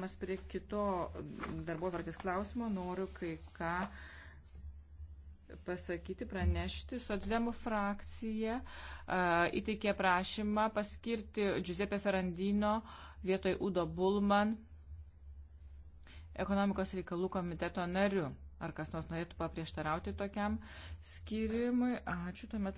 perėdamas prie kito darbo varkės klausimo, noriu kai ką pasakyti, pranešti. Socdemų frakcija uh, įteikė prašymą paskirti Giuseppe Ferrandino vietoj Udo Bulman ekonomikos reikalų komiteto nariu. Ar kas nors norėtų paprieštarauti tokiam skirimui? Ačiū, tuomet